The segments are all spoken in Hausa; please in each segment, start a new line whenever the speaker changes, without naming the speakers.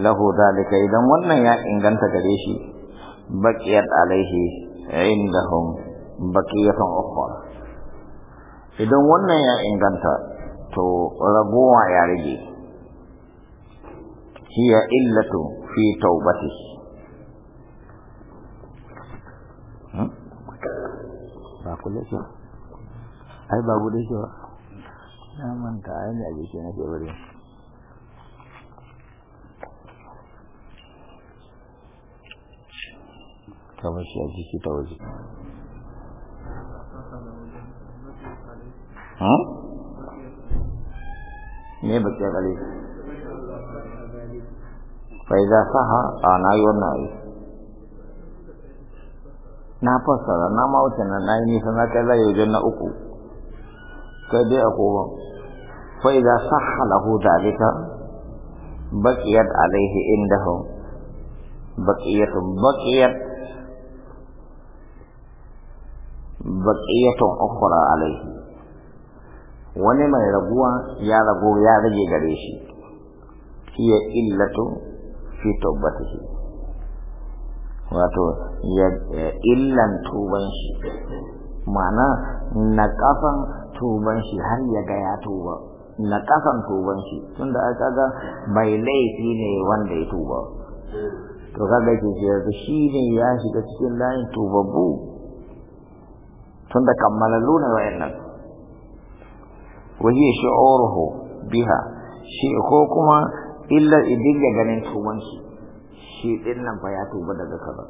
lahu zalika idan wannan ya inganta gare shi baqiyat alaihi indahum baqiyatan ukhra idan wannan ya inganta to ragowa ya rage hiya illatu fi taubatihi hmm? ba ku lake ai ba da shi ba na manta ai ne a jikin jiki ke bari kamar shi a jiki ta waje me baki kare bai za saha a na yi wannan ayi na fassara na mawuce na na yi nisa na kai zai wajen na uku kai dai a kowa fai za saha lahu dalika bakiyar alaihi indahu bakiyatun bakiyar baƙiyatun ukura alaihi wani mai raguwa ya rago ya rage gare shi hiya illatu fi shi wato ya illan tuban shi ma'ana na kafan tuban shi har ya ga ya tuba na kafan tuban shi tunda aka ga mai laifi ne wanda ya tuba to kaga ke shi ne ya shiga cikin layin tubabbu tun da kammalallu ne wayannan wahiya shi'uruhu biha shi ko kuma illa idin ya ganin tubansu shi din nan fa ya tuba daga kaza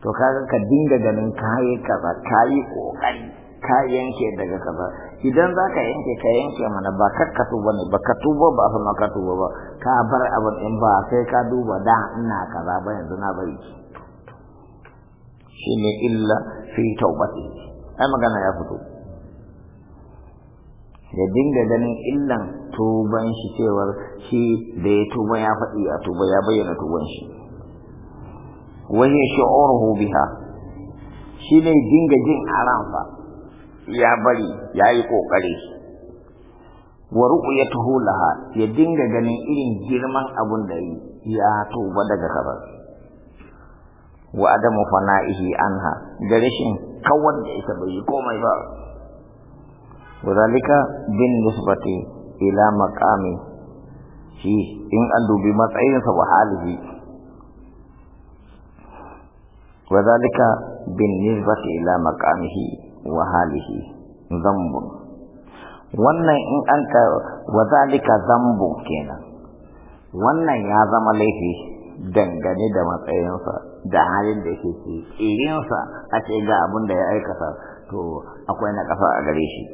to kaga ka dinga ganin kayi kaza kayi kokari ka yanke daga kaza idan za ka yanke ka yanke mana ba ka tuba ne ba ka tuba ba a ma ka tuba ba ka bar abin in ba sai ka duba da ina kaza ba yanzu na bari shi ne illa fi taubati ai magana ya fito da dinga ganin illan tuban shi cewar shi da ya tuba ya faɗi a tuba ya bayyana tuban shi wajen shi'oruhu biha shi ne dinga jin a ya bari ya yi ƙoƙari wa ru'yatuhu laha ya dinga ganin irin girman abun da yi ya tuba daga kabar wa adamu fana'ihi anha da rashin kawar da ita bai yi komai ba wazalika bin nisbati ila maqami shi in an dubi matsayinsa wa halihi wazalika bin nisbati ila maqamihi wa halihi zambun wannan in an ka wazalika zambun kenan wannan ya zama laifi dangane da matsayinsa da halin da yake ke irinsa a ce ga abin da ya aikata to akwai na ƙasa a gare shi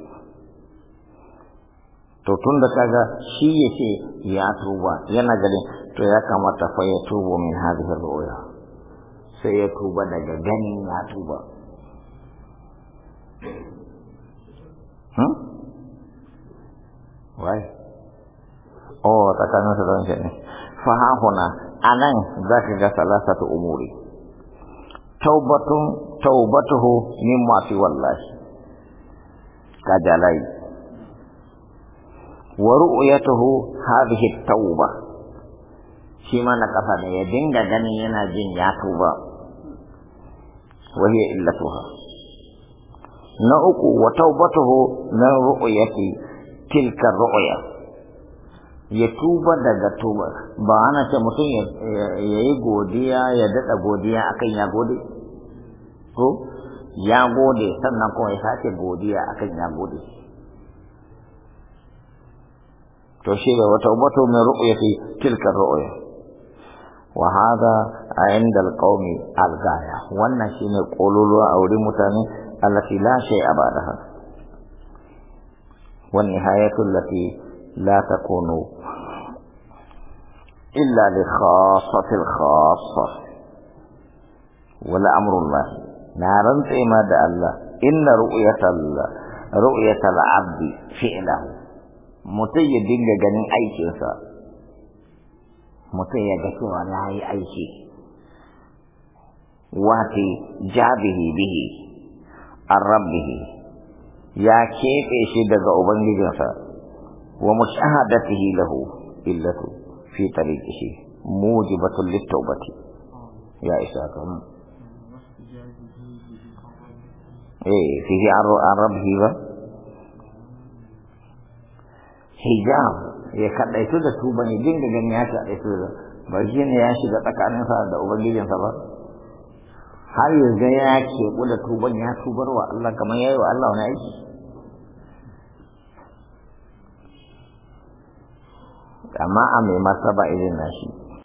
to tun da kaga shi ya ce ya tuba yana ganin to ya kamata fa ya tubo min da roya sai ya tuba daga ganin ya tuba hmm? wai oh tsakanin sa don ne fa ha a nan za ka ga salasatu umuri taubatun taubatuhu min mafi wallahi jalai wa ru'yatuhu hadhihi tauba shi ma na kafa ne ya dinga ganin yana jin ya tuba wahiya illatuha na uku wa taubatuhu min ru'yati tilka ru'ya ya tuba daga tuba ba ana ce mutum ya yi godiya ya daɗa godiya akan ya gode ko ya gode sannan kuma ya sace godiya akan ya gode to shi ne wata ubato min fi tilka ru'ya wa hada inda alqawmi algaya wannan shine kololuwa a wurin mutane allati la shay'a ba'daha wa nihayatu allati لا تكون إلا لخاصة الخاصة ولا أمر الله ما دع الله إن رؤية رؤية العبد فعله متي دنجا أي أيكيسا متي جسوا لا شيء واتي جابه به عن ربه يا كيف إشي دقا أبنجي جنسا Wa ومشاهدته له إلة في طريقه موجبة للتوبة يا إساكم إيه فيه عن ربه بقى hijab ya kaɗaitu da tuba bane jin da gani ya kaɗaitu da ba shi ne ya shiga tsakanin sa da ubangijinsa ba har yanzu ya ke da tuban ya tubar wa Allah kamar ya yi wa Allah wani aiki amma a mai martaba irin nashi